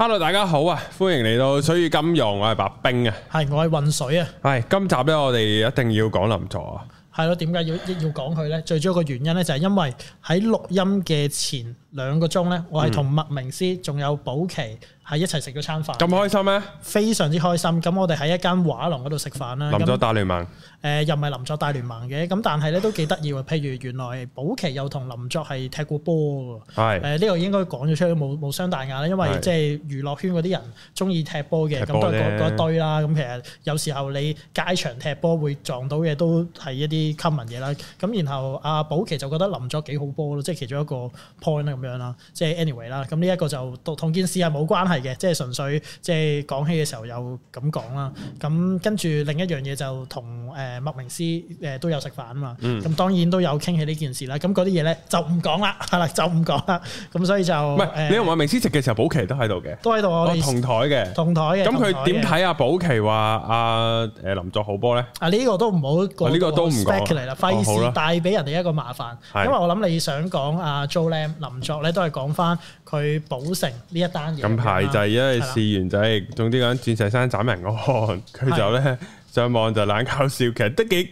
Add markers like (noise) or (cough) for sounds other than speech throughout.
hello，大家好啊，歡迎嚟到水與金融，我係白兵啊，係，我係渾水啊，係今集咧，我哋一定要講林作啊。係咯，點解要要講佢咧？最主要個原因咧，就係因為喺錄音嘅前兩個鐘咧，我係同麥明詩仲有寶琪。係一齊食咗餐飯，咁開心咩？非常之開心。咁我哋喺一間畫廊嗰度食飯啦。林作大聯盟，誒、呃、又唔係林作大聯盟嘅。咁但係咧都幾得意喎。譬如原來寶琪又同林作係踢過波㗎喎。呢是、呃呢個應該講咗出去，冇冇傷大雅啦。因為即係娛樂圈嗰啲人中意踢波嘅咁都係嗰堆啦。咁其實有時候你街場踢波會撞到嘅都係一啲 common 嘢啦。咁然後阿寶琪就覺得林作幾好波咯，即、就、係、是、其中一個 point 咁樣啦。即、就、係、是、anyway 啦。咁呢一個就同件事係冇關係。嘅，即係純粹即係講起嘅時候有咁講啦，咁跟住另一樣嘢就同誒麥明詩誒都有食飯啊嘛，咁當然都有傾起呢件事啦，咁嗰啲嘢咧就唔講啦，係啦，就唔講啦，咁所以就唔係你同麥明詩食嘅時候，寶琪都喺度嘅，都喺度我同台嘅，同台嘅。咁佢點睇阿寶琪話阿誒林作好波咧？啊，呢個都唔好講，呢個都唔講啦，費事帶俾人哋一個麻煩，因為我諗你想講阿 Jo Lam 林作咧都係講翻。佢補成呢一單嘢、啊。咁排就因為試完仔，係的，總之講《鑽石山斬人案》呢，佢就咧上網就懶搞笑。其實都幾，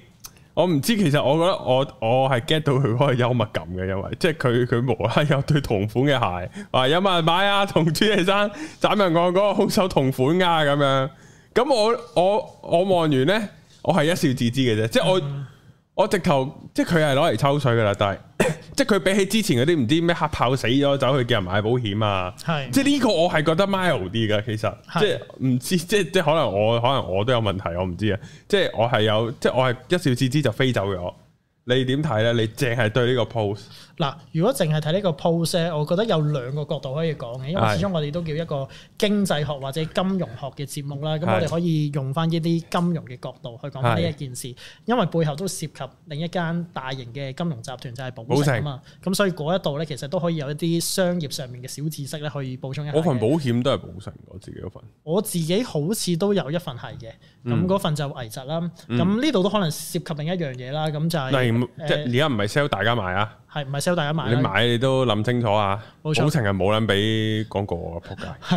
我唔知。其實我覺得我我係 get 到佢嗰個幽默感嘅，因為即係佢佢無啦有對同款嘅鞋，話有冇人買啊？同《鑽石山斬人案》嗰個兇手同款噶、啊、咁樣。咁我我我望完咧，我係 (laughs) 一笑置之嘅啫。即係我。嗯我直頭即係佢係攞嚟抽水噶啦，但係即係佢比起之前嗰啲唔知咩黑炮死咗走去叫人買保險啊，係是即係呢個我係覺得 mild 啲噶，其實是即係唔知，即係即係可能我可能我都有問題，我唔知啊，即係我係有即係我係一笑置之就飛走咗，你點睇咧？你淨係對呢個 post 嗱，如果淨係睇呢個 post，我覺得有兩個角度可以講嘅，因為始終我哋都叫一個經濟學或者金融學嘅節目啦，咁我哋可以用翻呢啲金融嘅角度去講呢一件事，因為背後都涉及另一間大型嘅金融集團就係保誠啊嘛，咁保誠所以嗰一度咧，其實都可以有一啲商業上面嘅小知識咧，可以補充一。嗰份保險都係保誠，我自己嗰份。我自己好似都有一份係嘅，咁嗰份就危疾啦，咁呢度都可能涉及另一樣嘢啦，咁就係、是。即係而家唔係 sell 大家買啊？係唔係 sell 大家買？你買你都諗清楚啊！冇錯，全程係冇諗俾廣告啊！仆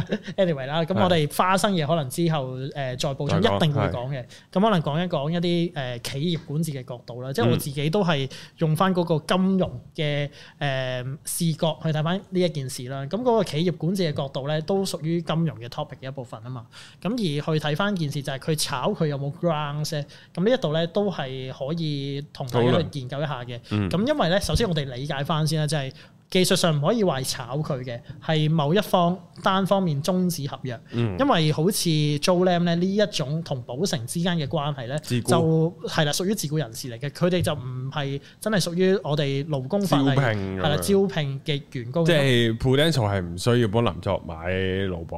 街，anyway 啦，咁我哋花生嘢可能之後誒再補充，一定會講嘅。咁可能講一講一啲誒企業管治嘅角度啦，即係我自己都係用翻嗰個金融嘅誒視角去睇翻呢一件事啦。咁嗰個企業管治嘅角度咧，都屬於金融嘅 topic 嘅一部分啊嘛。咁而去睇翻件事就係佢炒佢有冇 ground 先。咁呢一度咧都係可以同大家去研究一下嘅。咁因為咧，首先我哋。理解翻先啦，即係，技術上唔可以話炒佢嘅，係某一方單方面終止合約。因為好似租僆咧呢一種同保誠之間嘅關係咧，古就係啦屬於自僱人士嚟嘅，佢哋就唔係真係屬於我哋勞工法例，係啦，招聘嘅員工。即係 potential 係唔需要幫林作買勞保，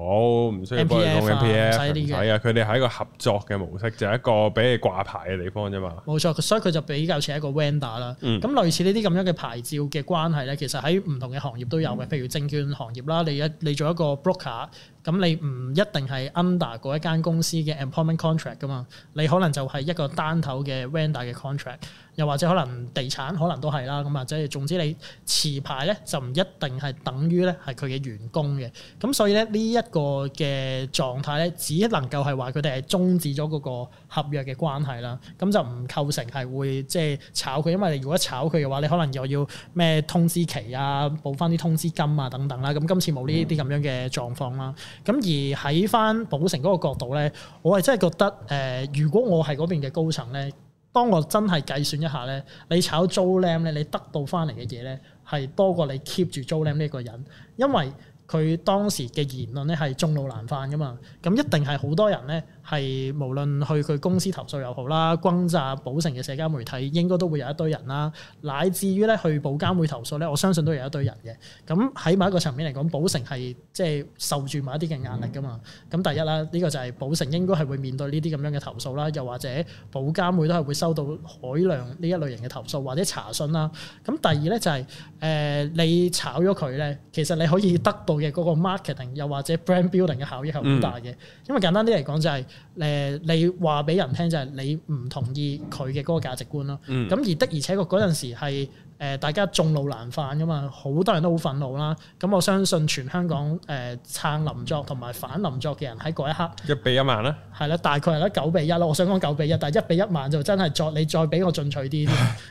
唔需要幫佢買 MPF，唔使啊！佢哋係一個合作嘅模式，就係、是、一個俾你掛牌嘅地方啫嘛。冇錯，所以佢就比較似一個 vendor 啦、嗯。咁類似呢啲咁樣嘅牌照嘅關係咧，其實喺唔同嘅行業都有嘅，譬如證券行業啦，你一你做一個 broker，咁你唔一定係 under 嗰一間公司嘅 employment contract 噶嘛，你可能就係一個單頭嘅 vendor 嘅 contract。又或者可能地產可能都係啦，咁或者總之你持牌咧就唔一定係等於咧係佢嘅員工嘅，咁所以咧呢一個嘅狀態咧只能夠係話佢哋係終止咗嗰個合約嘅關係啦，咁就唔構成係會即係炒佢，因為你如果你炒佢嘅話，你可能又要咩通知期啊，補翻啲通知金啊等等啦，咁今次冇呢啲咁樣嘅狀況啦。咁、嗯、而喺翻寶城嗰個角度咧，我係真係覺得誒、呃，如果我係嗰邊嘅高層咧。當我真係計算一下咧，你炒租 l 咧，你得到翻嚟嘅嘢咧，係多過你 keep 住租 l 呢一個人，因為。佢當時嘅言論咧係眾怒難犯噶嘛，咁一定係好多人咧係無論去佢公司投訴又好啦，轟炸保誠嘅社交媒體應該都會有一堆人啦，乃至於咧去保監會投訴咧，我相信都有一堆人嘅。咁喺某一個層面嚟講，保誠係即係受住某一啲嘅壓力噶嘛。咁第一啦，呢、這個就係保誠應該係會面對呢啲咁樣嘅投訴啦，又或者保監會都係會收到海量呢一類型嘅投訴或者查詢啦。咁第二咧就係、是、誒、呃、你炒咗佢咧，其實你可以得到。嘅嗰個 marketing 又或者 brand building 嘅效益係好大嘅，嗯、因為簡單啲嚟講就係，誒，你話俾人聽就係你唔同意佢嘅嗰個價值觀囉。咁、嗯、而的而且確嗰陣時係、呃，大家眾怒難犯噶嘛，好多人都好憤怒啦。咁我相信全香港誒、呃、撐林作同埋反林作嘅人喺嗰一刻一比一萬啦、啊，係啦，大概係得九比一咯。我想講九比一，但係一比一萬就真係再你再俾我進取啲。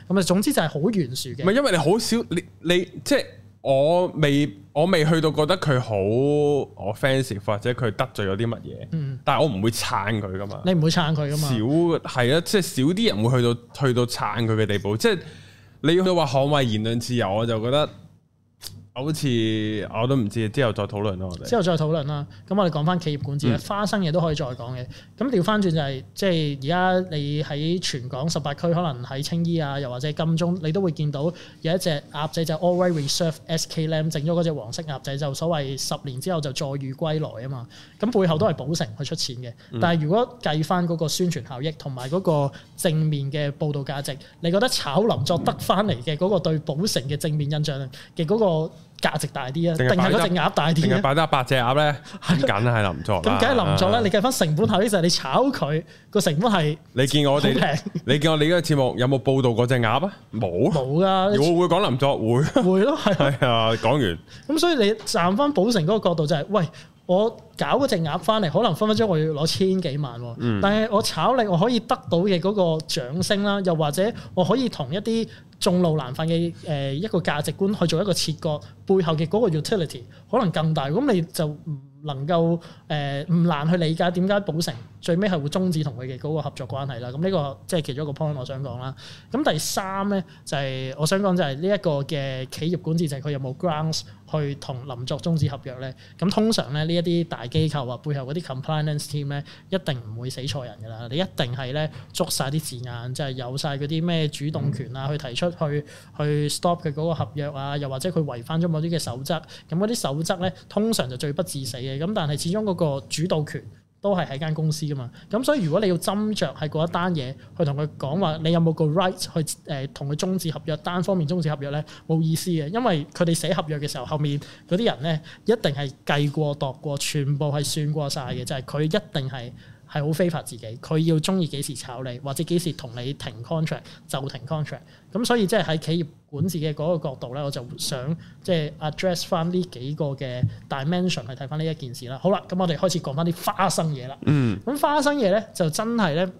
咁啊，總之就係好懸殊嘅。唔係因為你好少你你，你即係。我未我未去到覺得佢好 offensive，或者佢得罪咗啲乜嘢？嗯、但係我唔會撐佢噶嘛。你唔會撐佢噶嘛？少係啊，即係少啲人會去到去到撐佢嘅地步。即係你要話捍衞言論自由，我就覺得。我好似我都唔知，之後再討論咯。之後再討論啦。咁我哋講翻企業管治，嗯、花生嘢都可以再講嘅。咁調翻轉就係、是，即係而家你喺全港十八區，可能喺青衣啊，又或者金鐘，你都會見到有一隻鴨仔，就 Always Reserve SK Lamb 整咗嗰隻黃色鴨仔，就所謂十年之後就再遇歸來啊嘛。咁背後都係保誠去出錢嘅。嗯、但係如果計翻嗰個宣傳效益同埋嗰個正面嘅報道價值，你覺得炒林作得翻嚟嘅嗰個對保誠嘅正面印象嘅嗰、那個？價值大啲啊，定係個隻鴨大啲啊？擺得百隻鴨咧，係緊係啦，唔錯。咁梗係林作啦，你計翻成本效益就係你炒佢個成本係，你見我哋，你見我哋呢個節目有冇報導過隻鴨啊？冇冇㗎。會會講林作會，會咯，係 (laughs) (laughs) 啊，講完。咁 (laughs) 所以你站翻保誠嗰個角度就係、是，喂，我搞嗰隻鴨翻嚟，可能分分鐘我要攞千幾萬，嗯、但係我炒你，我可以得到嘅嗰個掌聲啦，又或者我可以同一啲。眾怒難犯嘅誒一個價值觀去做一個切割，背後嘅嗰個 utility 可能更大，咁你就唔能夠誒唔、呃、難去理解點解保誠最尾係會終止同佢嘅嗰個合作關係啦。咁呢個即係其中一個 point 我想講啦。咁第三咧就係、是、我想講就係呢一個嘅企業管治，就係、是、佢有冇 grounds 去同林作終止合約咧？咁通常咧呢一啲大機構啊，背後嗰啲 compliance team 咧一定唔會死錯人㗎啦。你一定係咧捉晒啲字眼，即、就、係、是、有晒嗰啲咩主動權啊，去提出、嗯。去去 stop 佢嗰個合約啊，又或者佢違反咗某啲嘅守則，咁嗰啲守則呢，通常就罪不致死嘅，咁但係始終嗰個主導權都係喺間公司噶嘛，咁所以如果你要斟酌係嗰一單嘢去同佢講話，你有冇個 right 去誒同佢終止合約，單方面終止合約呢，冇意思嘅，因為佢哋寫合約嘅時候，後面嗰啲人呢，一定係計過、度過，全部係算過晒嘅，就係、是、佢一定係。係好非法自己，佢要中意幾時炒你，或者幾時同你停 contract 就停 contract。咁所以即係喺企業管治嘅嗰個角度咧，我就想即係 address 翻呢幾個嘅 dimension 去睇翻呢一件事啦。好啦，咁我哋開始講翻啲花生嘢啦。嗯，咁花生嘢咧就真係咧，誒、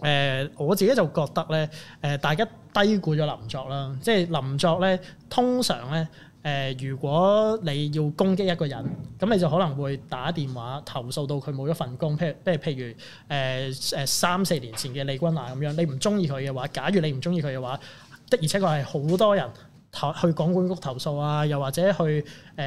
呃、我自己就覺得咧，誒、呃、大家低估咗林作啦，即係林作咧通常咧。誒、呃，如果你要攻擊一個人，咁你就可能會打電話投訴到佢冇咗份工，譬如譬如、呃、三四年前嘅利君雅咁樣，你唔中意佢嘅話，假如你唔中意佢嘅話，的而且確係好多人。去廣管局投訴啊，又或者去誒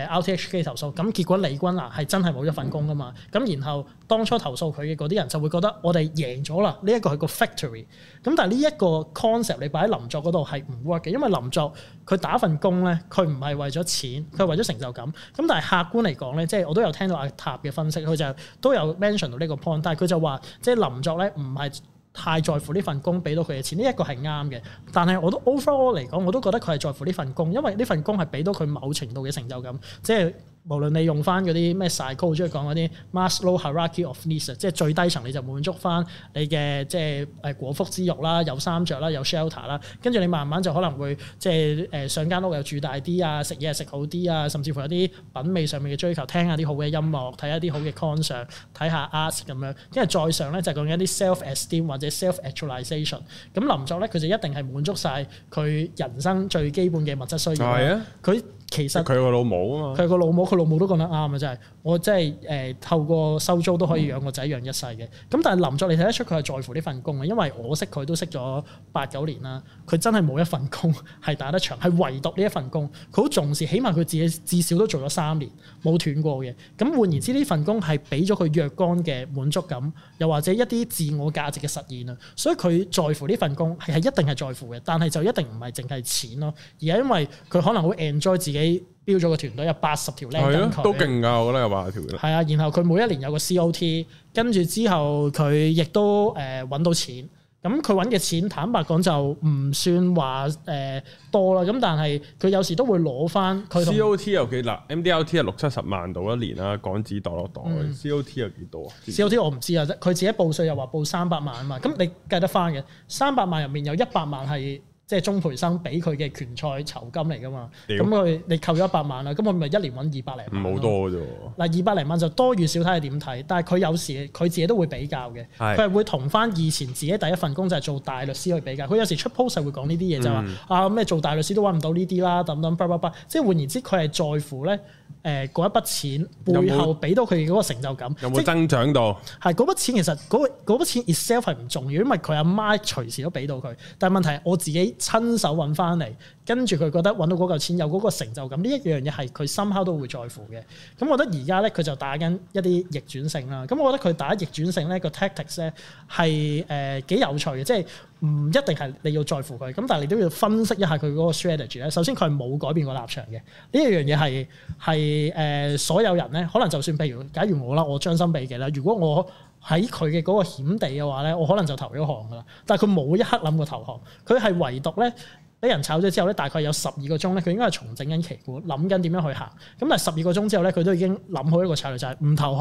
RTHK 投訴，咁結果利君雅係真係冇咗份工噶嘛，咁然後當初投訴佢嘅嗰啲人就會覺得我哋贏咗啦，呢一個係個 victory，咁但係呢一個 concept 你擺喺林作嗰度係唔 work 嘅，因為林作佢打份工咧，佢唔係為咗錢，佢係為咗成就感。咁但係客觀嚟講咧，即係我都有聽到阿塔嘅分析，佢就都有 mention 到呢個 point，但係佢就話即係林作咧唔係。太在乎呢份工俾到佢嘅錢，呢一個係啱嘅。但係我都 overall 嚟講，我都覺得佢係在乎呢份工，因為呢份工係俾到佢某程度嘅成就感，即係。無論你用翻嗰啲咩 psycho，即係講嗰啲 Maslow hierarchy of needs，即係最低層你就滿足翻你嘅即係誒果腹之欲啦、有衫着啦、有 shelter 啦，跟住你慢慢就可能會即係誒上間屋又住大啲啊、食嘢食好啲啊，甚至乎有啲品味上面嘅追求，聽下啲好嘅音樂，睇下啲好嘅 content，睇下 art 咁樣。跟住再上咧就講緊啲 self esteem 或者 self actualization。咁林作咧佢就一定係滿足晒佢人生最基本嘅物質需要。係啊、哎呀，佢。其實佢個老母啊嘛，佢個老母，佢老母都講得啱啊！真係，我真係誒、呃、透過收租都可以養個仔養、嗯、一世嘅。咁但係林作，你睇得出佢係在乎呢份工啊，因為我識佢都識咗八九年啦，佢真係冇一份工係打得長，係唯獨呢一份工，佢好重視，起碼佢自己至少都做咗三年冇斷過嘅。咁換言之，呢份工係俾咗佢若干嘅滿足感，又或者一啲自我價值嘅實現啊。所以佢在乎呢份工係一定係在乎嘅，但係就一定唔係淨係錢咯，而係因為佢可能會 enjoy 自己。你標咗個團隊有八十條咧，都勁噶，我覺得有八十條嘅。係啊，然後佢每一年有一個 COT，跟住之後佢亦都誒揾、呃、到錢。咁佢揾嘅錢坦白講就唔算話誒、呃、多啦。咁但係佢有時都會攞翻佢 COT。又幾啦，MDRT 係六七十萬到一年啦，港紙袋落袋。嗯、COT 有幾多啊？COT 我唔知啊，佢自己報稅又話報三百萬啊嘛。咁你計得翻嘅三百萬入面有一百萬係。即係鍾培生俾佢嘅拳賽酬金嚟㗎嘛？咁佢你扣咗一百萬啦，咁佢咪一年揾二百零萬。唔好多啫。嗱，二百零萬就多與少睇係點睇，但係佢有時佢自己都會比較嘅，佢係是會同翻以前自己第一份工就係做大律師去比較。佢有時出 post 會講呢啲嘢就話啊咩、嗯、做大律師都揾唔到呢啲啦，等等等等等等，即係換言之，佢係在乎咧。誒嗰、呃、一筆錢背後俾到佢嗰個成就感，有冇增長到？係嗰筆錢，其實嗰嗰筆錢 itself 係唔重要，因為佢阿媽，媽隨時都俾到佢，但係問題係我自己親手揾翻嚟。跟住佢覺得揾到嗰嚿錢有嗰個成就感，呢一樣嘢係佢深刻都會在乎嘅。咁我覺得而家咧，佢就打緊一啲逆轉性啦。咁我覺得佢打逆轉性咧個 tactics 咧係誒幾有趣嘅，即係唔一定係你要在乎佢。咁但係你都要分析一下佢嗰個 strategy 咧。首先佢係冇改變個立場嘅。呢一樣嘢係係誒所有人咧，可能就算譬如假如我啦，我將心比己啦，如果我喺佢嘅嗰個險地嘅話咧，我可能就投咗行噶啦。但係佢冇一刻諗過投降，佢係唯獨咧。俾人炒咗之後大概有十二個鐘咧，佢應該係重整緊旗鼓，諗緊點樣去行。咁但係十二個鐘之後咧，佢都已經諗好一個策略，就係、是、唔投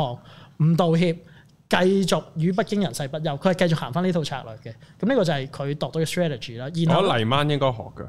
降、唔道歉。繼續與北京人勢不優，佢係繼續行翻呢套策略嘅。咁呢個就係佢度到嘅 strategy 啦。然後我黎曼應該學嘅，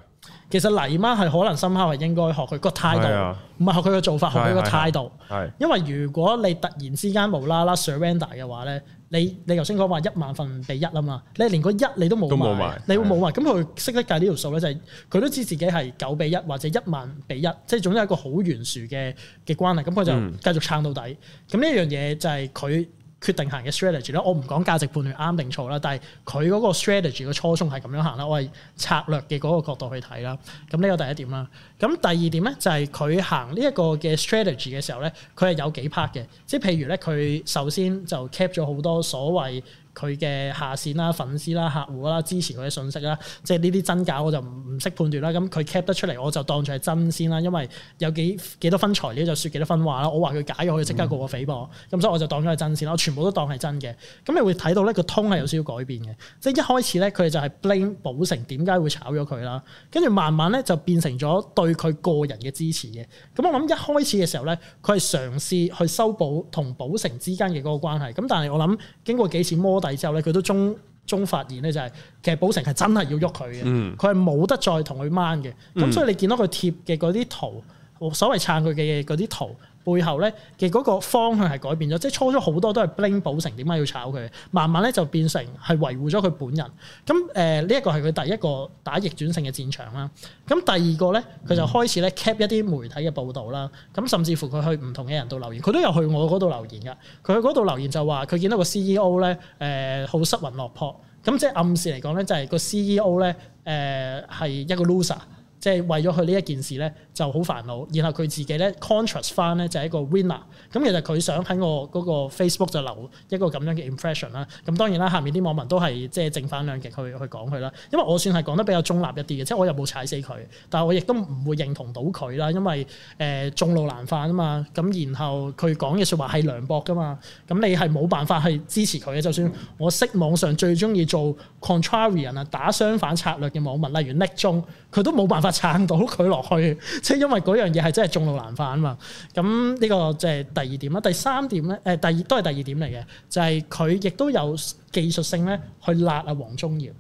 其實黎曼係可能深刻係應該學佢個態度，唔係、啊、學佢嘅做法，學佢個態度。係、啊，啊、因為如果你突然之間無啦啦 surrender 嘅話咧，你你頭先講話一萬份比一啊嘛，你連個一你都冇，埋。你會，冇埋、啊，咁佢識得計呢條數咧，就係、是、佢都知自己係九比一或者一萬比一，即係總之係一個好懸殊嘅嘅關係。咁佢就繼續撐到底。咁呢一樣嘢就係佢決定行嘅 strategy 咧，我唔講價值判斷啱定錯啦，但係佢嗰個 strategy 嘅初衷係咁樣行啦。我係策略嘅嗰個角度去睇啦。咁呢個第一點啦。咁第二點咧就係佢行呢一個嘅 strategy 嘅時候咧，佢係有幾 part 嘅。即係譬如咧，佢首先就 kept 咗好多所謂，佢嘅下線啦、粉絲啦、客戶啦、支持佢嘅信息啦，即係呢啲真假我就唔唔識判斷啦。咁佢 cap 得出嚟，我就當住係真先啦。因為有幾幾多分材料就說幾多分話啦。我話佢假嘅，佢即刻告個誹謗噃。咁所以我就當咗係真先啦。我全部都當係真嘅。咁你會睇到呢個 tone 係有少少改變嘅。嗯、即係一開始呢，佢哋就係 blame 保誠點解會炒咗佢啦。跟住慢慢呢，就變成咗對佢個人嘅支持嘅。咁我諗一開始嘅時候呢，佢係嘗試去修補同保誠之間嘅嗰個關係。咁但係我諗經過幾次摸底。之後咧，佢都中中發現咧、就是，就係其實保誠係真係要喐佢嘅，佢係冇得再同佢掹嘅。咁、嗯、所以你見到佢貼嘅嗰啲圖，所謂撐佢嘅嘢，嗰啲圖。背後咧嘅嗰個方向係改變咗，即係初初好多都係 blame 保誠點解要炒佢，慢慢咧就變成係維護咗佢本人。咁誒呢一個係佢第一個打逆轉性嘅戰場啦。咁第二個咧，佢就開始咧 cap 一啲媒體嘅報導啦。咁甚至乎佢去唔同嘅人度留言，佢都有去我嗰度留言噶。佢去嗰度留言就話佢見到個 CEO 咧、呃、誒好失魂落魄，咁即係暗示嚟講咧就係、是、個 CEO 咧、呃、誒係一個 loser。即係為咗佢呢一件事咧，就好煩惱，然後佢自己咧 contrast 翻咧就係一個 winner。咁其實佢想喺我個 Facebook 就留一個咁樣嘅 impression 啦。咁當然啦，下面啲網民都係即係正反兩極去去講佢啦。因為我算係講得比較中立一啲嘅，即係我又冇踩死佢，但係我亦都唔會認同到佢啦，因為誒眾怒難犯啊嘛。咁然後佢講嘅說話係涼薄噶嘛，咁你係冇辦法去支持佢嘅。就算我識網上最中意做 contrarian 啊，打相反策略嘅網民，例如逆中，佢都冇辦法。撐到佢落去，即係因為嗰樣嘢係真係眾怒難犯啊嘛。咁呢個即係第二點啦。第三點咧，誒、呃、第二都係第二點嚟嘅，就係佢亦都有技術性咧去辣啊黃宗耀。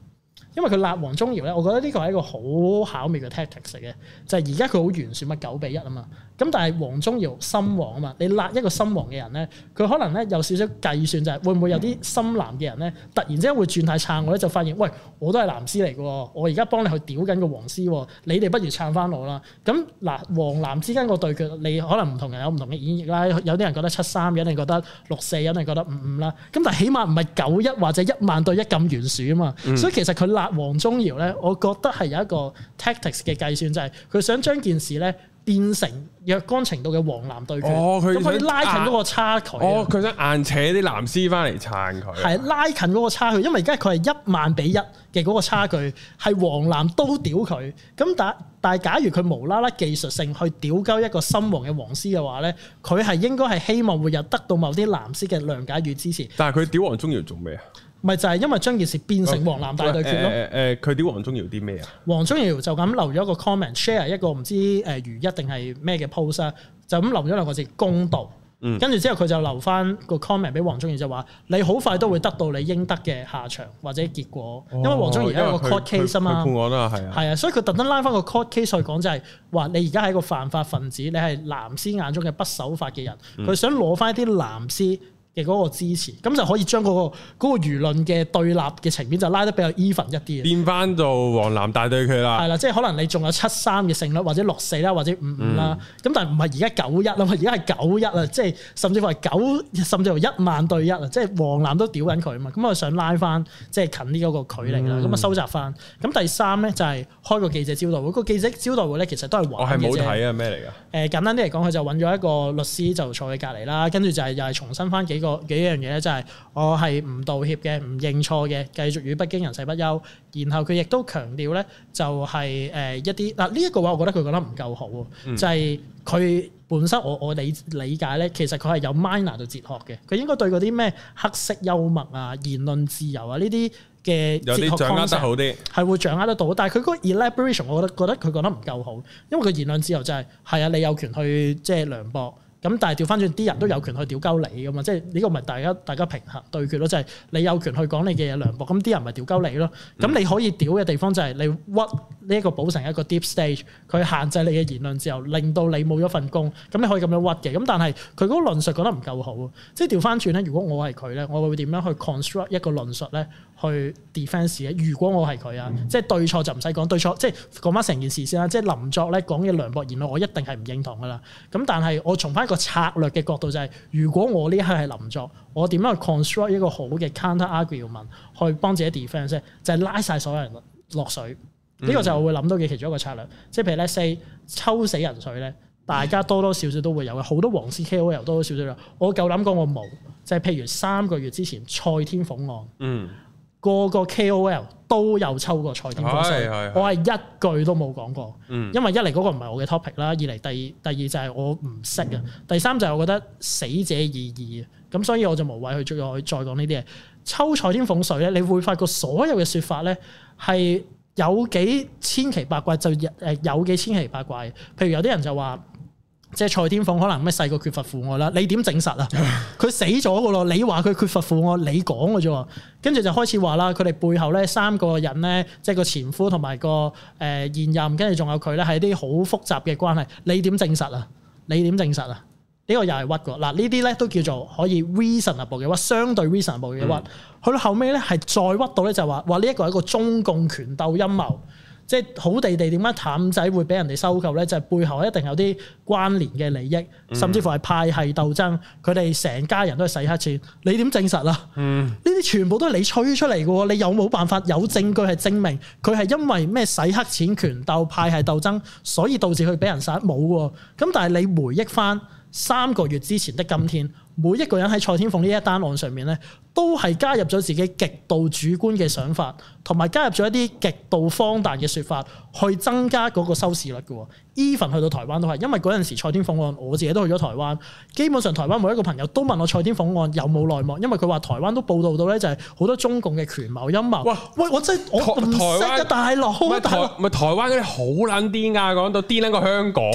因為佢辣黃宗堯咧，我覺得呢個係一個好巧妙嘅 tactics 嚟嘅，就係而家佢好懸殊，乜九比一啊嘛。咁但係黃宗堯深黃啊嘛，你辣一個深黃嘅人咧，佢可能咧有少少計算就係會唔會有啲深藍嘅人咧，突然之間會轉態撐我咧，就發現喂，我都係藍絲嚟噶，我而家幫你去屌緊個黃絲，你哋不如撐翻我啦。咁嗱，黃藍之間個對決，你可能唔同人有唔同嘅演繹啦，有啲人覺得七三，有人覺得六四，有人覺得五五啦。咁但係起碼唔係九一或者一萬對一咁懸殊啊嘛，所以其實佢辣。王宗堯咧，我覺得係有一個 tactics 嘅計算，就係、是、佢想將件事咧變成若干程度嘅黃藍對決。哦，佢咁佢拉近嗰個差距。哦，佢想硬扯啲藍絲翻嚟撐佢。係拉近嗰個差距，因為而家佢係一萬比一嘅嗰個差距，係黃藍都屌佢。咁但但係假如佢無啦啦技術性去屌鳩一個深黃嘅黃絲嘅話咧，佢係應該係希望會有得到某啲藍絲嘅諒解與支持。但係佢屌王宗堯做咩啊？咪就係因為將件事變成黃藍大對決咯。誒誒、呃，佢啲黃宗耀啲咩啊？黃宗耀就咁留咗一個 comment，share 一個唔知誒餘一定係咩嘅 post 就咁留咗兩個字公道。跟住、嗯、之後佢就留翻個 comment 俾黃宗耀就話：你好快都會得到你應得嘅下場或者結果，哦、因為黃宗耀有一個 court case 啊嘛。判我都係。係啊，所以佢特登拉翻個 court case 去講就係、是、話：你而家係一個犯法分子，你係藍絲眼中嘅不守法嘅人。佢、嗯、想攞翻啲藍絲。嘅嗰個支持，咁就可以將嗰、嗰個嗰、嗰個輿論嘅對立嘅情面就拉得比較 even 一啲啊，變翻做黃藍大對決啦，係啦，即係可能你仲有七三嘅勝率，或者六四啦，或者五五啦，咁、嗯、但係唔係而家九一啊嘛，而家係九一啊，即係甚至乎係九，甚至乎一萬對一啊，即係黃藍都屌緊佢啊嘛，咁我想拉翻即係近呢嗰個距離啦，咁啊、嗯、收集翻。咁第三咧就係、是、開個記者招待會，個記者招待會咧其實都係黃，我係冇睇啊，咩嚟㗎？誒簡單啲嚟講，佢就揾咗一個律師就坐佢隔離啦，跟住就係又係重新翻幾幾樣嘢咧，就係我係唔道歉嘅，唔認錯嘅，繼續與北京人世不休。然後佢亦都強調咧，就係誒一啲嗱呢一個話，我覺得佢覺得唔夠好。嗯、就係佢本身我，我我理理解咧，其實佢係有 minor 到哲學嘅，佢應該對嗰啲咩黑色幽默啊、言論自由啊呢啲嘅有啲掌握得好啲，係會掌握得到。但係佢嗰個 elaboration，我覺得覺得佢覺得唔夠好，因為佢言論自由就係、是、係啊，你有權去即係涼薄。」咁但係調翻轉啲人都有權去屌鳩你噶嘛，嗯、即係呢個咪大家大家平衡對決咯，即、就、係、是、你有權去講你嘅嘢涼薄，咁啲人咪屌鳩你咯。咁你可以屌嘅地方就係你屈呢一個補成一個 deep stage，佢限制你嘅言論自由，令到你冇咗份工，咁你可以咁樣屈嘅。咁但係佢嗰個論述講得唔夠好，即係調翻轉咧。如果我係佢咧，我會點樣去 construct 一個論述咧？去 defense 嘅，如果我係佢啊，嗯、即係對錯就唔使講對錯，即係講翻成件事先啦。即係林作咧講嘅涼薄言論，我一定係唔認同噶啦。咁但係我從翻一個策略嘅角度就係、是，如果我呢刻係林作，我點樣 construct 一個好嘅 counterargument 去幫自己 defence 就係拉晒所有人落水，呢個就我會諗到嘅其中一個策略。即係譬如咧 say 抽死人水咧，大家多多少少都會有嘅，好唉多黃絲 KOL 又多多少少啦。我夠諗過我冇，就係譬如三個月之前蔡天鳳案。嗯個個 KOL 都有抽過蔡天鳳水，我係一句都冇講過，因為一嚟嗰個唔係我嘅 topic 啦，二嚟第二第二就係我唔識啊，第三就係我覺得死者已矣，咁所以我就無謂去再再講呢啲嘢。抽蔡天鳳水咧，你會發覺所有嘅説法咧係有幾千奇百怪，就誒有幾千奇百怪。譬如有啲人就話。即係蔡天鳳可能咩細個缺乏父愛啦，你點證實啊？佢 (laughs) 死咗噶咯你話佢缺乏父愛，你講嘅啫。跟住就開始話啦，佢哋背後咧三個人咧，即係個前夫同埋個誒現任，跟住仲有佢咧，係啲好複雜嘅關係。你點證實啊？你點證實啊？呢、這個又係屈嘅。嗱，呢啲咧都叫做可以 reasonable 嘅屈，相對 reasonable 嘅屈。去到、嗯、後尾咧，係再屈到咧，就話話呢一個係一個中共權鬥陰謀。即係好地地點解譚仔會俾人哋收購呢？就係、是、背後一定有啲關聯嘅利益，甚至乎係派系鬥爭。佢哋成家人都係洗黑錢，你點證實啊？呢啲全部都係你吹出嚟嘅喎，你有冇辦法有證據係證明佢係因為咩洗黑錢、權鬥、派系鬥爭，所以導致佢俾人殺冇喎？咁但係你回憶翻三個月之前的今天。每一個人喺蔡天鳳呢一單案上面咧，都係加入咗自己極度主觀嘅想法，同埋加入咗一啲極度荒誕嘅説法，去增加嗰個收視率嘅。呢份去到台灣都係，因為嗰陣時蔡天鳳案，我自己都去咗台灣。基本上台灣每一個朋友都問我蔡天鳳案有冇內幕，因為佢話台灣都報導到咧，就係好多中共嘅權謀陰謀。哇！喂，我真我唔識嘅大佬！唔係台灣嗰啲好撚癲㗎，講到癲過香港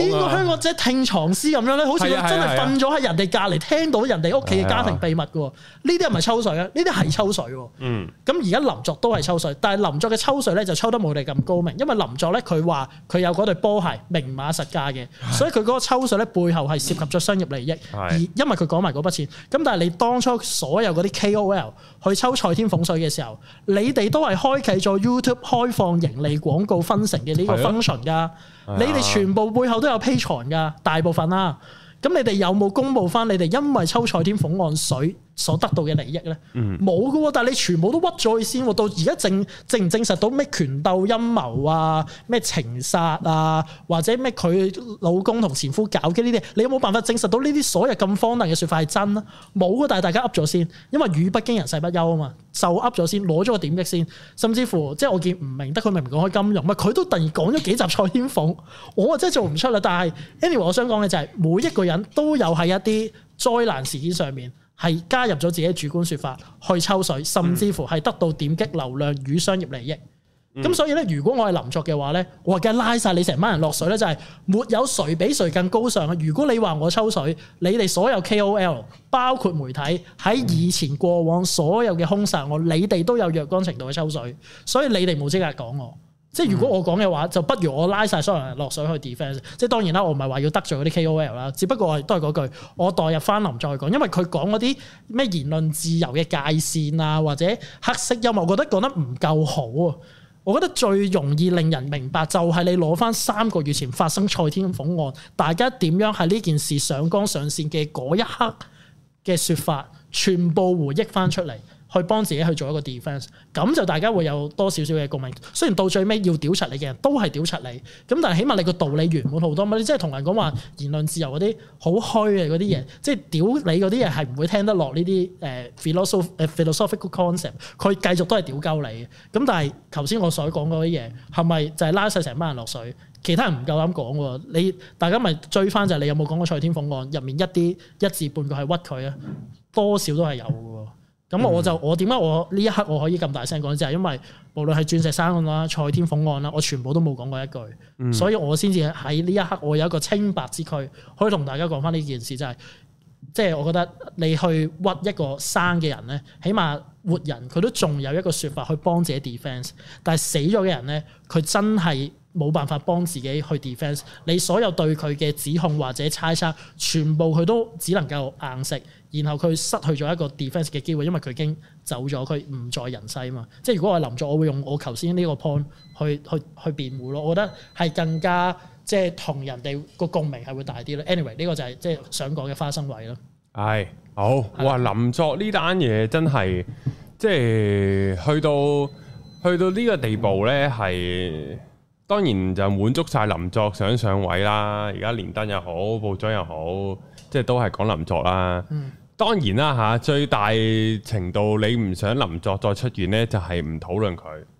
啊！即係聽藏屍咁樣咧，好似真係瞓咗喺人哋隔離，啊啊、聽到人哋屋企嘅家庭秘密㗎。呢啲係咪抽水啊？呢啲係抽水。抽水嗯。咁而家林作都係抽水，但係林作嘅抽水咧就抽得冇你咁高明，因為林作咧佢話佢有嗰對波鞋明，明。馬實價嘅，所以佢嗰個抽水咧，背後係涉及咗商業利益，而因為佢講埋嗰筆錢。咁但係你當初所有嗰啲 KOL 去抽蔡天鳳水嘅時候，你哋都係開啟咗 YouTube 開放盈利廣告分成嘅呢個 function 噶的你哋全部背後都有 Patreon 噶大部分啦、啊。咁你哋有冇公布返你哋因為抽蔡天鳳岸水？所得到嘅利益呢，冇嘅喎，但係你全部都屈咗佢先。到而家證證唔證實到咩權鬥陰謀啊，咩情殺啊，或者咩佢老公同前夫搞嘅呢啲，你有冇辦法證實到呢啲所有咁荒唐嘅説法係真咧？冇嘅，但係大家噏咗先，因為語不驚人世不休啊嘛，就噏咗先，攞咗個點擊先，甚至乎即係我見吳明德佢明明講開金融，乜佢都突然講咗幾集蔡天鳳，我啊真係做唔出啦。但係 anyway，我想講嘅就係每一個人都有喺一啲災難事件上面。係加入咗自己主觀説法去抽水，甚至乎係得到點擊流量與商業利益。咁、嗯、所以呢，如果我係林作嘅話呢，我梗係拉晒你成班人落水呢，就係、是、沒有誰比誰更高尚啊！如果你話我抽水，你哋所有 K O L 包括媒體喺以前過往所有嘅兇殺案，你哋都有若干程度嘅抽水，所以你哋冇資格講我。即係如果我講嘅話，就不如我拉晒所有人落水去 defence。即係當然啦，我唔係話要得罪嗰啲 KOL 啦。只不過我都係嗰句，我代入翻林再去講，因為佢講嗰啲咩言論自由嘅界線啊，或者黑色幽默，我覺得講得唔夠好啊。我覺得最容易令人明白就係你攞翻三個月前發生蔡天鳳案，大家點樣喺呢件事上綱上線嘅嗰一刻嘅説法，全部回憶翻出嚟。去幫自己去做一個 defence，咁就大家會有多少少嘅共鳴。雖然到最尾要屌柒你嘅人都係屌柒你，咁但係起碼你個道理圓滿好多。唔係你即係同人講話言論自由嗰啲好虛嘅嗰啲嘢，嗯、即係屌你嗰啲嘢係唔會聽得落呢啲誒、呃、philosophical concept。佢繼續都係屌鳩你嘅。咁但係頭先我所講嗰啲嘢係咪就係拉晒成班人落水？其他人唔夠膽講喎。你大家咪追翻就係你有冇講過蔡天鳳案入面一啲一字半句係屈佢啊？多少都係有嘅。咁我就、嗯、我點解我呢一刻我可以咁大聲講，就係因為無論係鑽石山案啦、蔡天鳳案啦，我全部都冇講過一句，嗯、所以我先至喺呢一刻我有一個清白之軀，可以同大家講翻呢件事，就係即係我覺得你去屈一個生嘅人咧，起碼活人佢都仲有一個説法去幫自己 defense，但係死咗嘅人咧，佢真係。冇辦法幫自己去 d e f e n s e 你所有對佢嘅指控或者猜測，全部佢都只能夠硬食。然後佢失去咗一個 d e f e n s e 嘅機會，因為佢已經走咗，佢唔在人世啊嘛。即係如果我林作，我會用我頭先呢個 point 去去去辯護咯。我覺得係更加即係同人哋個共鳴係會大啲咯。anyway，呢個就係即係想講嘅花生位咯。係好、哎哦、哇，林作呢單嘢真係 (laughs) 即係去到去到呢個地步咧，係。當然就滿足晒林作想上，上位啦，而家連登又好，報章又好，即係都係講林作啦。嗯、當然啦嚇，最大程度你唔想林作再出現呢，就係、是、唔討論佢。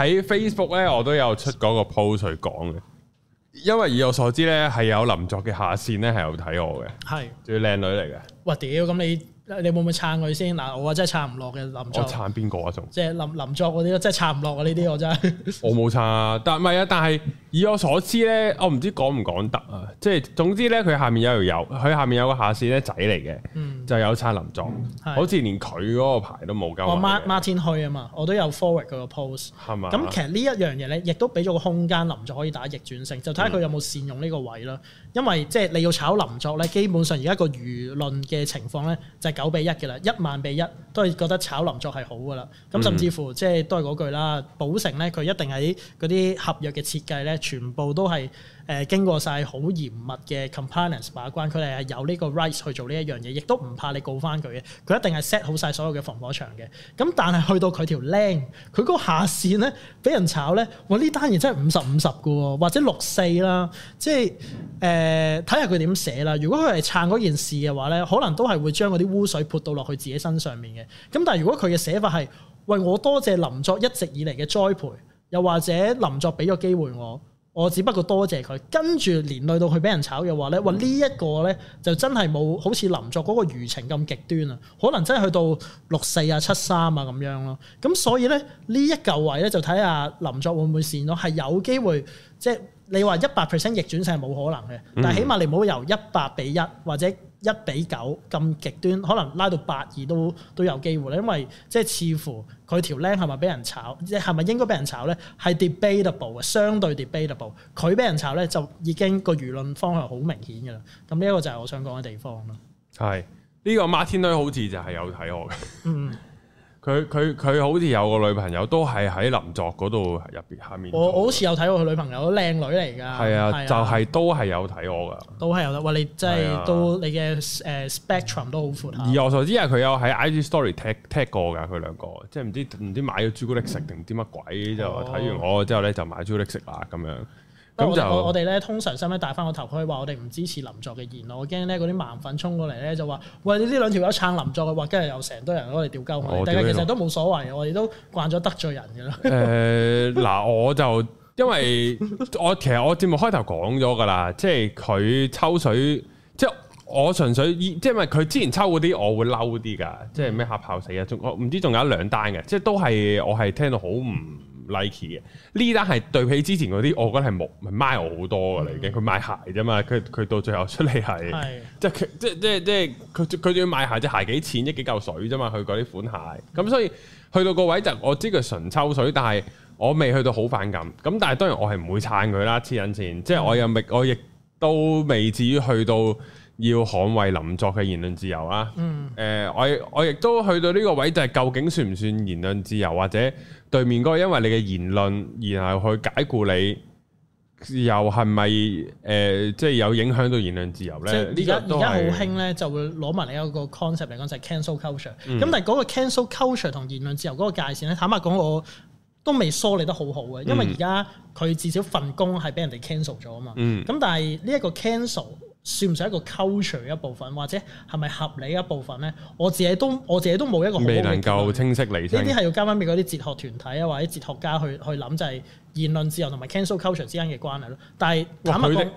喺 Facebook 咧，我都有出嗰個 post 去講嘅，因為以我所知咧，係有林作嘅下線咧，係有睇我嘅，係最靚女嚟嘅。哇屌！咁你你會唔會撐佢先？嗱、啊，我啊真係撐唔落嘅林作。撐邊個啊？仲即係林林作嗰啲咧，即係撐唔落啊！呢啲我真係 (laughs) 我冇撐，但係啊，但係。以我所知咧，我唔知講唔講得啊！即係總之咧，佢下面有條友，佢下面有個下線咧仔嚟嘅，嗯、就有差林作，是好似連佢嗰個牌都冇夠。我 Martin 啊嘛，我都有 Forward 佢個 post 係嘛？咁其實呢一樣嘢咧，亦都俾咗個空間林作可以打逆轉勝，就睇下佢有冇善用呢個位啦。因為即係你要炒林作咧，基本上而家個輿論嘅情況咧就係、是、九比一嘅啦，一萬比一都係覺得炒林作係好噶啦。咁甚至乎即係都係嗰句啦，保誠咧佢一定喺嗰啲合約嘅設計咧。全部都係誒、呃、經過晒好嚴密嘅 components 把關，佢哋係有呢個 rights 去做呢一樣嘢，亦都唔怕你告翻佢嘅，佢一定係 set 好晒所有嘅防火牆嘅。咁、嗯、但係去到佢條 link 佢嗰個下線呢俾人炒呢，我呢單嘢真係五十五十嘅喎，或者六四啦，即係誒睇下佢點寫啦。如果佢係撐嗰件事嘅話呢，可能都係會將嗰啲污水潑到落去自己身上面嘅。咁、嗯、但係如果佢嘅寫法係為我多謝林作一直以嚟嘅栽培，又或者林作俾個機會我。我只不過多謝佢，跟住連累到佢俾人炒嘅話咧，哇！呢一個咧就真係冇好似林作嗰個輿情咁極端啊，可能真係去到六四啊七三啊咁樣咯。咁所以咧呢一嚿、這個、位咧就睇下林作會唔會善咯，係有機會即係。就是你話一百 percent 逆轉勢係冇可能嘅，但係起碼你唔好由一百比一或者一比九咁極端，可能拉到八二都都有機會咧。因為即係似乎佢條靚係咪俾人炒？即係咪應該俾人炒咧？係 debatable 嘅，相對 debatable。佢俾人炒咧，就已經個輿論方向好明顯嘅啦。咁呢一個就係我想講嘅地方啦。係呢、呢個馬天女好似就係有睇我嘅。嗯佢佢佢好似有個女朋友，都係喺林作嗰度入邊下面、哦。我好似有睇過佢女朋友，靚女嚟㗎。係啊，啊就係都係有睇我㗎，都係有得，喂你真、就、係、係啊、都你嘅誒、uh, spectrum 都好闊嚇、嗯。而我所知係佢有喺 IG story tag t 踢踢過㗎，佢兩個即係唔知唔知買咗朱古力食定啲乜鬼，嗯、就睇完我之後咧就買朱古力食啦咁樣。哦哦。咁就，我哋咧通常先咧戴翻個頭盔，話我哋唔支持林作嘅言論，我驚咧嗰啲盲粉衝過嚟咧就話：喂，你呢兩條友撐林作嘅話，梗係有成堆人攞嚟吊鳩佢，哦、大家其實都冇所謂，嗯、我哋都慣咗得罪人嘅啦。誒嗱、呃，我就因為 (laughs) 我其實我節目開頭講咗噶啦，即係佢抽水，即係我純粹即係因為佢之前抽嗰啲，我會嬲啲噶，即係咩嚇炮死啊？仲我唔知仲有一兩單嘅，即係都係我係聽到好唔～Nike 嘅呢單係對比之前嗰啲，我覺得係冇賣我好多噶啦，嗯、買已經佢賣鞋啫嘛，佢佢到最後出嚟係的即係即即即係佢佢仲要賣鞋，隻鞋幾錢一幾嚿水啫嘛，佢嗰啲款鞋，咁所以去到個位就我知佢純抽水，但係我未去到好反感，咁但係當然我係唔會撐佢啦，黐緊線，嗯、即係我又未我亦都未至於去到。要捍衞林作嘅言論自由啊！誒、嗯呃，我我亦都去到呢個位，就係究竟算唔算言論自由，或者對面嗰個因為你嘅言論，然後去解雇你，自由係咪誒，即係有影響到言論自由咧？即係而家而家好興咧，就會攞埋你一個 concept 嚟講，就係、是、cancel culture、嗯。咁但係嗰個 cancel culture 同言論自由嗰個界線咧，坦白講，我都未梳理得好好嘅，因為而家佢至少份工係俾人哋 cancel 咗啊嘛。咁、嗯、但係呢一個 cancel 算唔算一個 culture 一部分，或者係咪合理一部分咧？我自己都我自己都冇一個好未能夠清晰理清。呢啲係要加翻俾嗰啲哲學團體啊，或者哲學家去去諗，就係言論自由同埋 cancel culture 之間嘅關係咯。但係，佢哋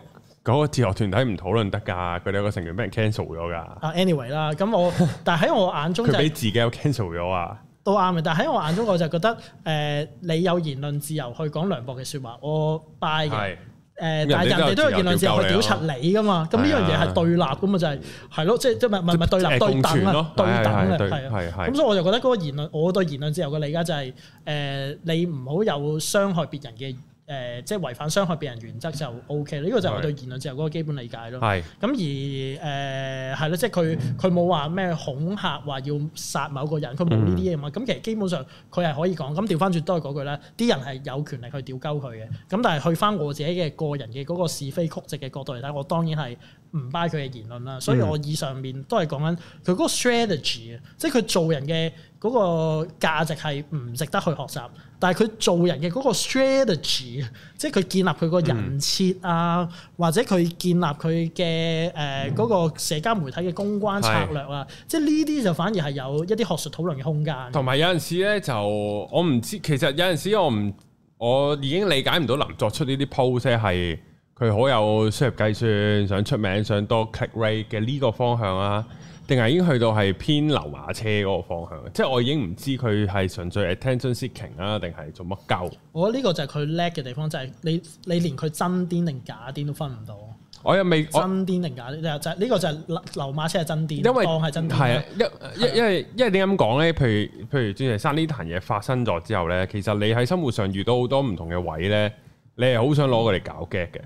嗰個哲學團體唔討論得㗎，佢哋有個成員俾人 cancel 咗㗎。啊，anyway 啦，咁我 (laughs) 但係喺我眼中、就是，佢俾自己有 cancel 咗啊，都啱嘅。但係喺我眼中，我就覺得誒、呃，你有言論自由去講涼薄嘅説話，我 buy 嘅。誒，但係人哋都有言論自由，去調查你噶嘛，咁呢、嗯、樣嘢係對立噶嘛，就係係咯，即即咪咪咪對立存對等啊，嗯、對等啊，係啊，係係。咁所以我就覺得嗰個言論，我對言論自由嘅理解就係、是、誒、呃，你唔好有傷害別人嘅。誒、呃，即係違反傷害別人原則就 O K 呢個就係我對言論自由嗰個基本理解咯。咁是而誒係咯，即係佢佢冇話咩恐嚇，話要殺某個人，佢冇呢啲嘢嘛。咁、嗯、其實基本上佢係可以講。咁調翻轉都係嗰句啦，啲人係有權力去屌鳩佢嘅。咁但係去翻我自己嘅個人嘅嗰個是非曲直嘅角度嚟睇，我當然係唔 buy 佢嘅言論啦。所以我以上面都係講緊佢嗰個 strategy 即係佢做人嘅。嗰個價值係唔值得去學習，但係佢做人嘅嗰個 strategy，即係佢建立佢個人設啊，嗯、或者佢建立佢嘅誒嗰個社交媒體嘅公關策略啊，嗯、即係呢啲就反而係有一啲學術討論嘅空間。同埋有陣時咧，就我唔知，其實有陣時我唔，我已經理解唔到林作出呢啲 post 係，佢、就、好、是、有商業計算、想出名、想多 click rate 嘅呢個方向啊。定係已經去到係偏流馬車嗰個方向，即係我已經唔知佢係純粹 attention seeking 啦，定係做乜鳩？我覺得呢個就係佢叻嘅地方，就係、是、你你連佢真癲定假癲都分唔到。我又未真癲定假癲，就就呢個就係流馬車係真癲，因為當係真癲。啊，因因、啊啊、因為因為點講咧？譬如譬如鑽石山呢壇嘢發生咗之後咧，其實你喺生活上遇到好多唔同嘅位咧，你係好想攞佢嚟搞 get 嘅。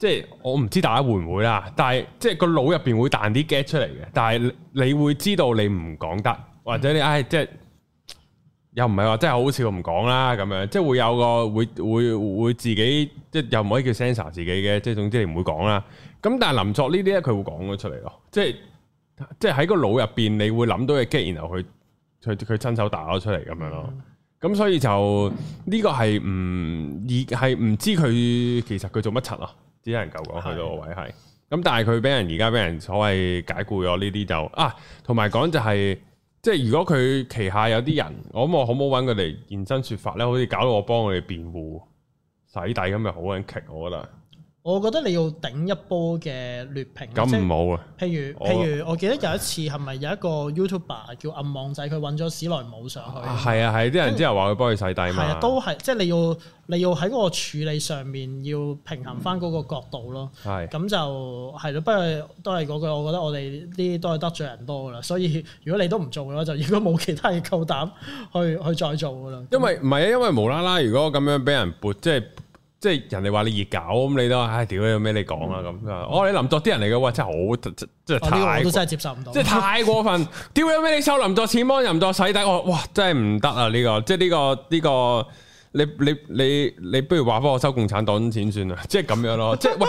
即係我唔知大家會唔會啦，但係即係個腦入邊會彈啲 get 出嚟嘅，但係你會知道你唔講得，或者你唉、哎、即係又唔係話真係好笑唔講啦咁樣，即係會有個會會會自己即係又唔可以叫 sensor 自己嘅，即係總之你唔會講啦。咁但係林作呢啲咧，佢會講咗出嚟咯，即係即係喺個腦入邊你會諗到嘅 get，然後佢佢佢親手打咗出嚟咁樣咯。咁所以就呢個係唔而係唔知佢其實佢做乜柒咯。只能夠講佢到個位係，咁但係佢俾人而家俾人所謂解僱咗呢啲就啊，同埋講就係、是，即係如果佢旗下有啲人，我諗我好唔好揾佢哋現身說法咧？好似搞到我幫佢哋辯護洗底咁，咪好撚棘，我覺得。我覺得你要頂一波嘅劣評，咁唔好啊。譬如譬如，我，譬如我記得有一次係咪有一個 YouTuber 叫暗網仔，佢揾咗史萊姆上去。係啊係，啲、啊啊、人之後話佢幫佢洗底嘛。係、嗯、啊，都係即係你要你要喺嗰個處理上面要平衡翻嗰個角度咯。係、嗯。咁就係咯、啊，不過都係嗰句，我覺得我哋呢啲都係得罪人多噶啦。所以如果你都唔做嘅話，就應該冇其他嘢夠膽去去再做噶啦。因為唔係啊，因為無啦啦，如果咁樣俾人撥，即係。即係人哋話你熱狗，咁你都唉屌有咩你講啊咁樣、嗯、哦你林作啲人嚟嘅哇，真係好真真太我真係接受唔到，即係太過分，屌有咩你收林作錢幫林作洗底我哇、哦、真係唔得啊呢個即係呢個呢個。這個這個你你你你不如話翻我收共產黨錢算啦，就是， (laughs) 即係咁樣咯，即係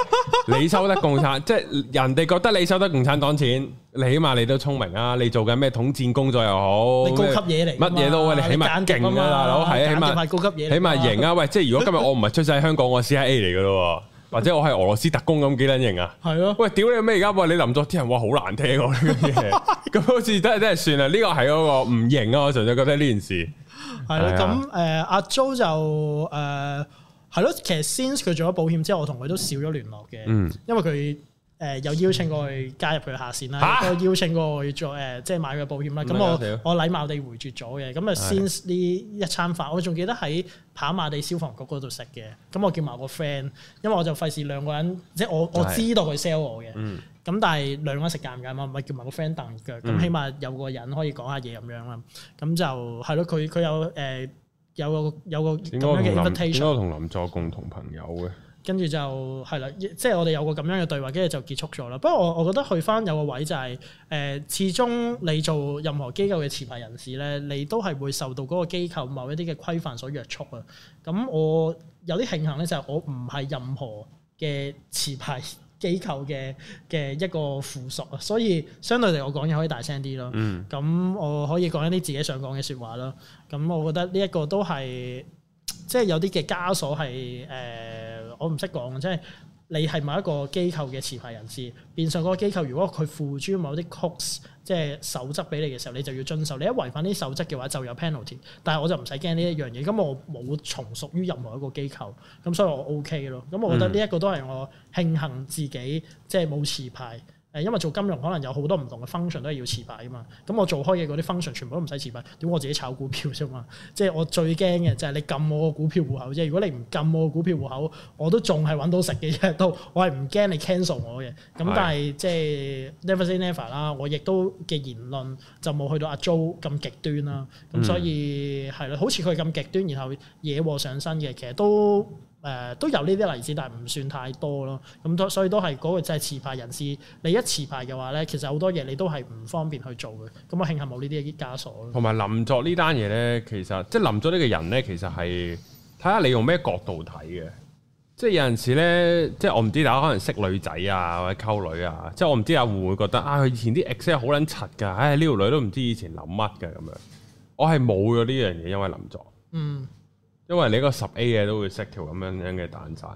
喂，你收得共產， (laughs) 即係人哋覺得你收得共產黨錢，你起碼你都聰明啊，你做緊咩統戰工作又好，你高級嘢嚟，乜嘢都，你起碼勁啊，大佬係，起碼高級嘢，起碼型啊，喂，即係如果今日我唔係出世喺香港，我 C I A 嚟噶咯，或者我係俄羅斯特工咁幾捻型啊，係咯，喂，屌你咩而家，喂，你臨座啲人話好難聽喎，咁 (laughs) (laughs) 好似都係真係算啦，呢、這個係嗰個唔型啊，我純粹覺得呢件事。係啦，咁誒阿 Jo 就誒係咯，其實 since 佢做咗保險之後，我同佢都少咗聯絡嘅，嗯、因為佢誒又邀請我去加入佢下線啦，有、啊、邀請我去做誒、呃、即係買佢保險啦，咁我我禮貌地回絕咗嘅，咁啊 since 呢一餐飯，我仲記得喺跑馬地消防局嗰度食嘅，咁我叫埋個 friend，因為我就費事兩個人，即係我我知道佢 sell 我嘅。的咁、嗯、但係兩個人食尷尬嘛，唔係叫埋個 friend 凳腳，咁起碼有個人可以講下嘢咁樣啦。咁就係咯，佢佢有誒、呃、有個有個咁樣嘅 invitation。應該我同林作共同朋友嘅。跟住就係啦，即係、就是、我哋有個咁樣嘅對話，跟住就結束咗啦。不過我我覺得去翻有個位就係、是、誒、呃，始終你做任何機構嘅持牌人士咧，你都係會受到嗰個機構某一啲嘅規範所約束啊。咁我有啲慶幸咧，就係我唔係任何嘅持牌。機構嘅嘅一個附屬啊，所以相對嚟，我講嘢可以大聲啲咯。咁，嗯，我可以講一啲自己想講嘅説話咯。咁我覺得呢一個都係即係有啲嘅枷鎖係誒，呃，我唔識講，即係。你係某一個機構嘅持牌人士，變相嗰個機構如果佢付諸某啲 codes，即係守則俾你嘅時候，你就要遵守。你一違反啲守則嘅話，就有 penalty。但係我就唔使驚呢一樣嘢，因我冇從屬於任何一個機構，咁所以我 OK 咯。咁我覺得呢一個都係我慶幸自己，即係冇持牌。誒，因為做金融可能有好多唔同嘅 function 都係要持牌噶嘛，咁我做開嘅嗰啲 function 全部都唔使持牌，點解我自己炒股票啫嘛，即係我最驚嘅就係你撳我個股票戶口啫，如果你唔撳我個股票戶口，我都仲係揾到食嘅啫，都我係唔驚你 cancel 我嘅，咁但係是即係 never say never 啦，我亦都嘅言論就冇去到阿 Joe 咁極端啦，咁所以係咯、嗯，好似佢咁極端，然後惹禍上身嘅，其實都。誒、呃、都有呢啲例子，但係唔算太多咯。咁、嗯、所以都係嗰個即係持牌人士。你一持牌嘅話咧，其實好多嘢你都係唔方便去做嘅。咁啊，慶幸冇呢啲嘅枷鎖咯。同埋林作呢單嘢咧，其實即係林作呢個人咧，其實係睇下你用咩角度睇嘅。即係有陣時咧，即係我唔知大家可能識女仔啊，或者溝女啊。即係我唔知阿胡會，會覺得啊，佢以前啲 ex 好撚柒㗎。唉，呢、哎、條、這個、女都唔知以前諗乜㗎咁樣。我係冇咗呢樣嘢，因為林作。嗯。因為你個十 A 嘅都會識條咁樣樣嘅蛋散，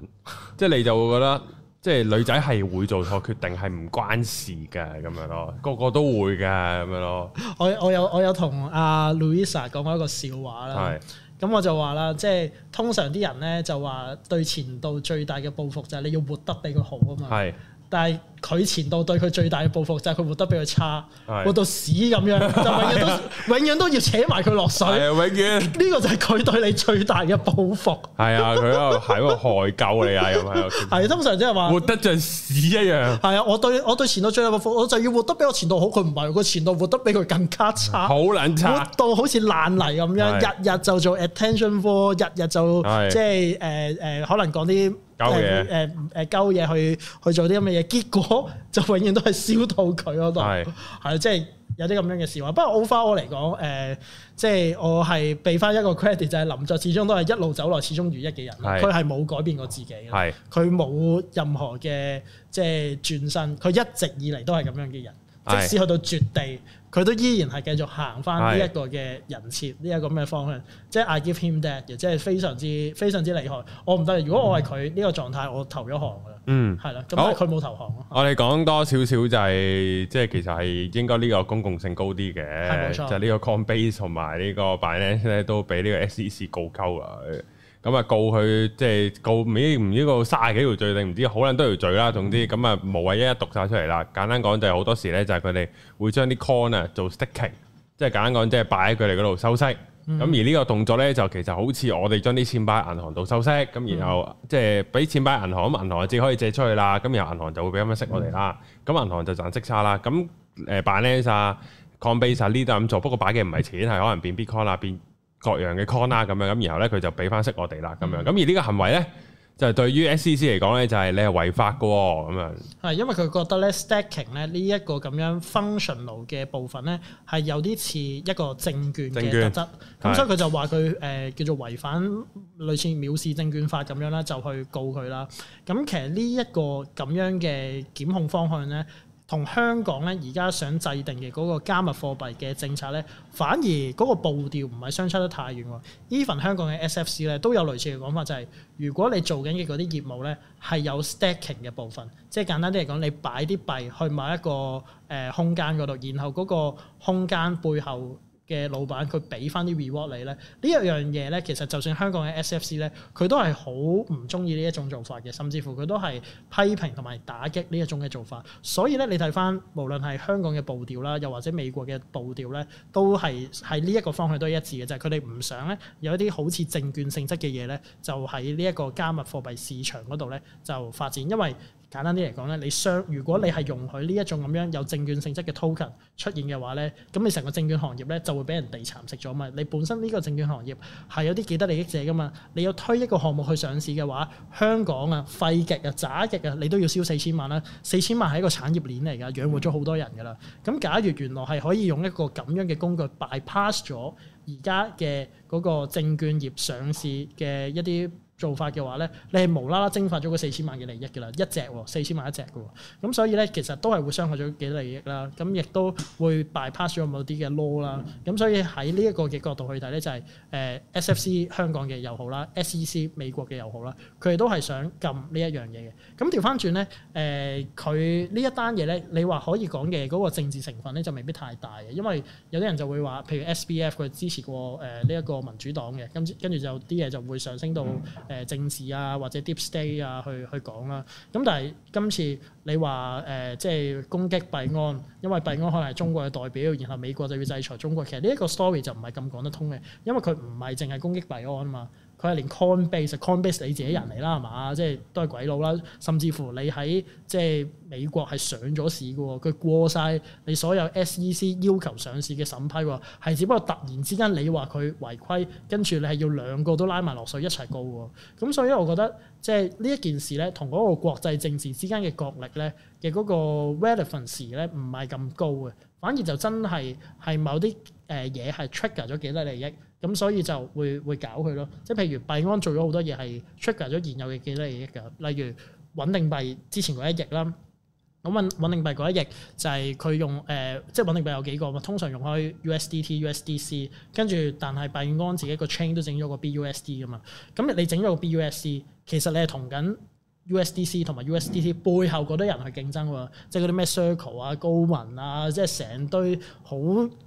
即係你就會覺得，即係女仔係會做錯決定係唔關事噶咁樣咯，個個都會噶咁樣咯。我有我有我有同阿 Louisa 講過一個笑話啦，咁是我就話啦，即係通常啲人咧就話對前度最大嘅報復就係你要活得比佢好啊嘛，係是，但係。佢前度對佢最大嘅報復就係佢活得比佢差，活到屎咁樣，就永遠都永遠都要扯埋佢落水，永遠呢個就係佢對你最大嘅報復。係啊，佢又喺度害狗你啊，又係。係通常即係話活得像屎一樣。係啊，我對我對前度最大嘅報復，我就要活得比我前度好。佢唔係，個前度活得比佢更加差，好難差，活到好似爛泥咁樣，日日就做 attention whore，日日就即係誒誒，可能講啲誒誒誒鳩嘢去去做啲咁嘅嘢，結果。哦、就永遠都係燒到佢嗰度，係即係有啲咁樣嘅事。不過我翻、呃就是、我嚟講，誒，即係我係俾翻一個 credit 就咧。林作始終都係一路走來，始終如一嘅人，佢係冇改變過自己嘅，佢冇是任何嘅即係轉身，佢一直以嚟都係咁樣嘅人。嗯即使去到絕地，佢都依然係繼續行翻呢一個嘅人設，呢一是個咩方向，即係 I give him that，亦即係非常之非常之厲害。我唔得，如果我係佢呢個狀態，我投咗行噶啦。嗯，係啦，咁佢冇投降。好的我哋講多少少就係、是，即係其實係應該呢個公共性高啲嘅，就係呢個 Coinbase 同埋呢個 Binance 咧都俾呢個 SEC 告鳩佢。咁啊、嗯、告佢，即係告唔知唔知個卅幾條罪定唔知好撚多條罪啦。總之咁啊，無謂一一讀晒出嚟啦。簡單講就係好多時咧，就係佢哋會將啲 coin 啊做 staking 即係簡單講即係擺喺佢哋嗰度收息。咁、嗯、而呢個動作咧就其實好似我哋將啲錢擺喺銀行度收息。咁然後即係俾錢擺喺銀行，咁銀行就可以借出去啦。咁然後銀行就會俾咁樣息我哋啦。咁、嗯、銀行就賺息差啦。咁誒 Binance 啊、Coinbase 啊，呢都咁做。不過擺嘅唔係錢，係可能變 bitcoin 啊變。各樣嘅 con 啦，咁樣咁，然後咧佢就俾翻息我哋啦，咁樣咁而呢個行為咧就是、對於 SEC 嚟講咧就係、是、你係違法嘅咁、哦、樣係因為佢覺得咧 stacking 咧呢一個咁樣 functional 嘅部分咧係有啲似一個證券嘅特質咁，券所以佢就話佢誒叫做違反類似藐視證券法咁樣啦，就去告佢啦。咁其實呢一個咁樣嘅檢控方向咧。同香港咧而家想制定嘅嗰個加密貨幣嘅政策咧，反而嗰個步調唔係相差得太遠喎。Even 香港嘅 SFC 咧都有類似嘅講法，就是，就係如果你做緊嘅嗰啲業務咧係有 stacking 嘅部分，即係簡單啲嚟講，你擺啲幣去某一個誒、呃、空間嗰度，然後嗰個空間背後。嘅老闆佢俾翻啲 reward 你呢。呢一樣嘢呢，其實就算香港嘅 SFC 呢，佢都係好唔中意呢一種做法嘅，甚至乎佢都係批評同埋打擊呢一種嘅做法。所以呢，你睇翻，無論係香港嘅步調啦，又或者美國嘅步調呢，都係喺呢一個方向都係一致嘅，就係佢哋唔想呢，有一啲好似證券性質嘅嘢呢，就喺呢一個加密貨幣市場嗰度呢，就發展，因為。簡單啲嚟講咧，你雙如果你係容許呢一種咁樣有證券性質嘅 token 出現嘅話咧，咁你成個證券行業咧就會俾人地蠶食咗嘛。你本身呢個證券行業係有啲既得利益者噶嘛？你要推一個項目去上市嘅話，香港啊，廢極啊，渣極啊，你都要燒四千萬啦。四千萬係一個產業鏈嚟噶，養活咗好多人噶啦。咁假如原來係可以用一個咁樣嘅工具 bypass 咗而家嘅嗰個證券業上市嘅一啲做法嘅話呢，你係無啦啦蒸發咗個四千萬嘅利益嘅啦，一隻四千萬一隻嘅喎，咁所以呢，其實都係會傷害咗幾多利益啦，咁亦都會 bypass 咗某啲嘅 law 啦，咁所以喺呢一個嘅角度去睇呢，就係、是、誒 SFC 香港嘅又好啦，SEC 美國嘅又好啦，佢都係想禁呢一樣嘢嘅，咁調翻轉呢，誒佢呢一單嘢呢，你話可以講嘅嗰個政治成分呢，就未必太大嘅，因為有啲人就會話，譬如 SBF 佢支持過誒呢一個民主黨嘅，咁跟住就啲嘢就會上升到。嗯。誒政治啊，或者 deep state 啊，去去講啦、啊。咁但係今次你話誒、呃，即係攻擊拜登，因為拜登可能係中國嘅代表，然後美國就要制裁中國。其實呢一個 story 就唔係咁講得通嘅，因為佢唔係淨係攻擊拜登嘛。佢係連 Coinbase，Coinbase、mm. Coinbase 你自己人嚟啦，係嘛？即係都係鬼佬啦。甚至乎你喺即係美國係上咗市嘅，佢過晒你所有 SEC 要求上市嘅審批喎。係只不過突然之間你話佢違規，跟住你係要兩個都拉埋落水一齊告喎。咁所以我覺得即係呢一件事咧，同嗰個國際政治之間嘅角力咧嘅嗰個 relevance 咧唔係咁高嘅，反而就真係係某啲誒嘢係 trigger 咗幾多利益。咁、嗯、所以就會會搞佢咯，即係譬如幣安做咗好多嘢係 trigger 咗現有嘅既得利益嘅，例如穩定幣之前嗰一億啦，咁穩穩定幣嗰一億就係佢用誒、呃，即係穩定幣有幾個嘛？通常用開 US USDT、USDC，跟住但係幣安自己個 chain 都整咗個 BUSD 噶嘛，咁你整咗個 BUSD，其實你係同緊。USDC 同埋 USDC 背後嗰啲人去競爭喎，即係嗰啲咩 circle 啊、高文啊，即係成堆好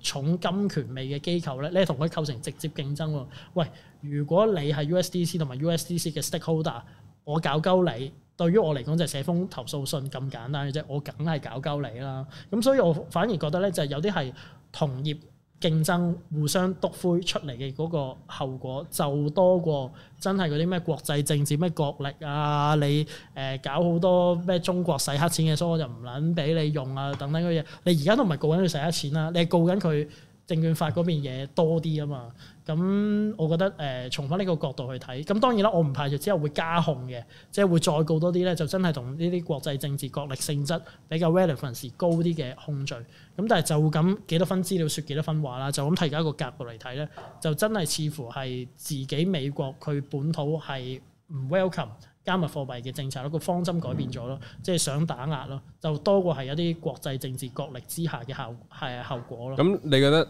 重金權味嘅機構咧，咧同佢構成直接競爭喎。喂，如果你係 USDC 同埋 USDC 嘅 stakeholder，我搞鳩你，對於我嚟講就係寫封投訴信咁簡單嘅啫，我梗係搞鳩你啦。咁所以我反而覺得咧，就係有啲係同業。競爭互相篤灰出嚟嘅嗰個後果，就多過真係嗰啲咩國際政治咩國力啊，你誒、呃、搞好多咩中國洗黑錢嘅，所以我就唔撚俾你用啊等等嗰嘢。你而家都唔係告緊佢洗黑錢啦，你係告緊佢證券法嗰邊嘢多啲啊嘛。咁、嗯、我覺得誒、呃，從翻呢個角度去睇，咁、嗯、當然啦，我唔排除之後會加控嘅，即係會再告多啲咧，就真係同呢啲國際政治角力性質比較 relevant 似高啲嘅控罪。咁、嗯、但係就咁幾多分資料説幾多分話啦，就咁提及一個格局嚟睇咧，就真係似乎係自己美國佢本土係唔 welcome。加密貨幣嘅政策咯，個方針改變咗咯，嗯、即係想打壓咯，就多過係一啲國際政治角力之下嘅效係效果咯。咁你覺得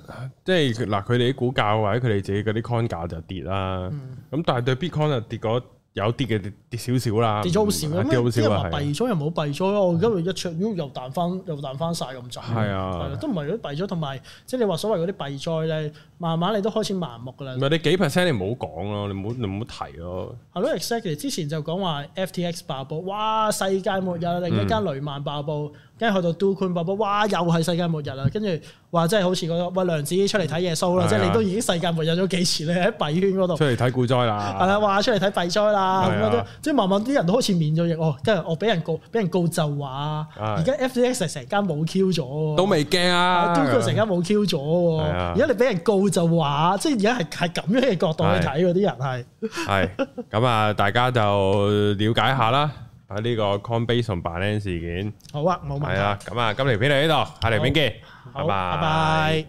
即係嗱，佢哋啲股價或者佢哋自己嗰啲 Coin 價就跌啦。咁、嗯、但係對 Bitcoin 就跌咗，有跌嘅跌，跌少少啦，跌咗好少，跌好少啊。因為話幣災又冇幣災，的我今日一出又彈翻又彈翻曬咁滯。係啊，都唔係如果幣災同埋即係你話所謂嗰啲幣災咧。慢慢你都開始麻木㗎啦。唔係你幾 percent 你唔好講咯，你唔好你唔好提咯。係咯 exactly 之前就講話 FTX 爆煲，哇世界末日！另一間雷曼爆煲，跟住去到 Do Kwon 爆煲，哇又係世界末日啊！跟住話真係好似、那個喂，娘子出嚟睇耶穌啦，即係、嗯、你都已經世界末日咗幾次咧喺幣圈嗰度，出嚟睇股災啦，係啦，話出嚟睇幣災啦咁、啊、樣即係慢慢啲人都開始免咗疫。哦，跟住我俾人告，俾人告就話，而家 FTX 成間冇 Q 咗。都未驚啊 Do Kwon 成間冇 Q 咗，而家你俾人告。就話，即係而家係係咁樣嘅角度去睇嗰啲人係。係，咁啊，大家就瞭解下啦，喺呢個 Coinbase 同 Binance 事件。好啊，冇問題。係啊，咁啊，今期片嚟呢度，下期片見。拜拜。